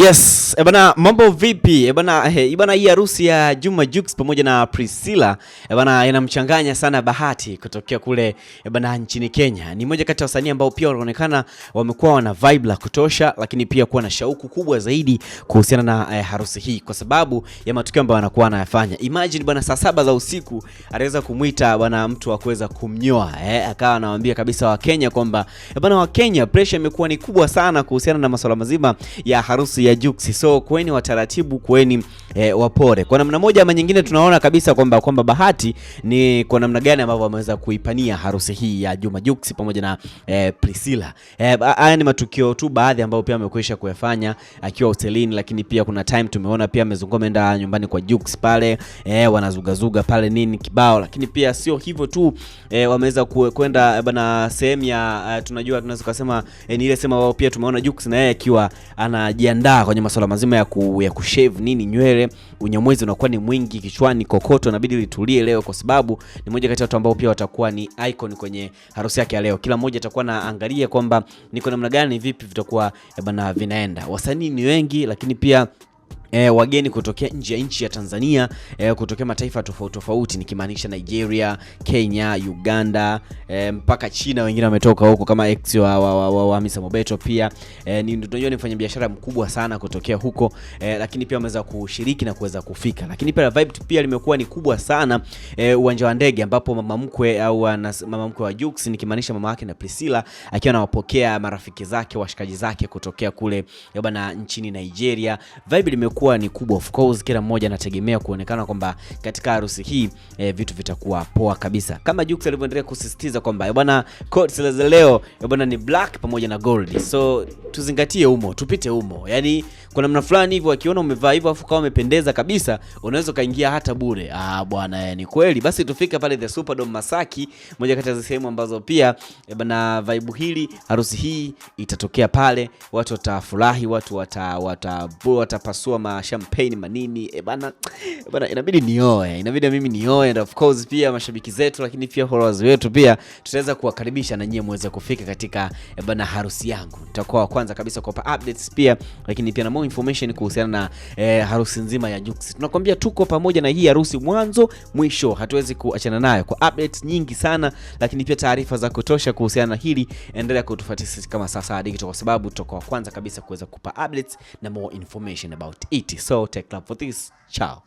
Yes Jux. Ebana, eh, mambo vipi? Ebana, eh, he, eh, ebana hii harusi ya Juma Jux pamoja na Priscilla ebana inamchanganya sana Bahati kutokea kule ebana nchini Kenya. Ni moja kati ya wasanii ambao pia wanaonekana wamekuwa wana vibe la kutosha, lakini pia kuwa na shauku kubwa zaidi kuhusiana na eh, harusi hii kwa sababu ya matukio ambayo wanakuwa wanayafanya. Imagine bwana, saa saba za usiku aliweza kumwita bwana mtu wa kuweza kumnyoa eh, akawa anawaambia kabisa Wakenya kwamba ebana, Wakenya pressure imekuwa ni kubwa sana kuhusiana na masuala mazima ya harusi ya Jux so kuweni wataratibu, kweni e, wapore. Kwa namna moja ama nyingine tunaona kabisa kwamba kwamba Bahati ni kwa namna gani ambavyo wameweza kuipania harusi hii ya Juma Jux pamoja na e, Priscilla. e, Haya ni matukio tu baadhi ambayo pia amekwisha kuyafanya akiwa hotelini, lakini pia kuna time tumeona pia amezunguka ameenda nyumbani kwa Jux pale e, wanazugazuga pale nini kibao, lakini pia sio hivyo tu e, wameweza kwenda bana sehemu ya tunajua tunaweza kusema e, ni ile sema wao pia tumeona Jux na yeye akiwa anajiandaa kwenye masuala mazima ya, ku, ya kushave nini nywele, unyamwezi unakuwa ni mwingi kichwani, kokoto inabidi litulie leo, kwa sababu ni moja kati ya watu ambao pia watakuwa ni icon kwenye harusi yake ya leo. Kila mmoja atakuwa na angalia kwamba niko namna gani, vipi vitakuwa eh, bana vinaenda. Wasanii ni wengi, lakini pia E, wageni kutokea nje ya nchi ya Tanzania e, kutokea mataifa tofauti tofauti nikimaanisha Nigeria, Kenya, Uganda e, mpaka China wengine wametoka huko kama ex wa, wa, wa, wa, wa Hamisa Mobeto pia e, ni tunajua ni mfanyabiashara mkubwa sana kutokea huko e, lakini pia wameweza kushiriki na kuweza kufika, lakini pia vibe pia limekuwa ni kubwa sana e, uwanja wa ndege ambapo mama mkwe au mama mkwe wa Jux nikimaanisha mama yake na Priscilla akiwa anawapokea marafiki zake washikaji zake kutokea kule bana nchini Nigeria, vibe limekuwa itakuwa ni kubwa. Of course kila mmoja anategemea kuonekana kwamba katika harusi hii e, vitu vitakuwa poa kabisa, kama Jux alivyoendelea kusisitiza kwamba eh, bwana coat za leo eh, bwana ni black pamoja na gold, so tuzingatie humo, tupite humo. Yani kuna namna fulani hivyo, akiona umevaa hivyo afu kama umependeza kabisa, unaweza ukaingia hata bure. Ah bwana, ni kweli. Basi tufika pale the Superdome Masaki, moja kati ya sehemu ambazo pia bwana vibe hili harusi hii itatokea pale, watu watafurahi, watu watapasua wata, wata mashampeni manini e bana, e bana, inabidi nioe, inabidi mimi nioe, and of course pia mashabiki zetu, lakini pia followers wetu pia tutaweza kuwakaribisha na nyie muweze kufika katika e bana, harusi yangu. nitakuwa wa kwanza kabisa kuwapa updates pia, lakini pia na more information kuhusiana na e, harusi nzima ya Jux. Tunakwambia tuko pamoja na hii harusi mwanzo mwisho, hatuwezi kuachana nayo kwa updates nyingi sana, lakini pia taarifa za kutosha kuhusiana na hili. Endelea kutufuatilia kama sasa hadi kwa sababu tutakuwa wa kwanza kabisa kuweza kupa updates na more information about it eat. So take love for this. Ciao.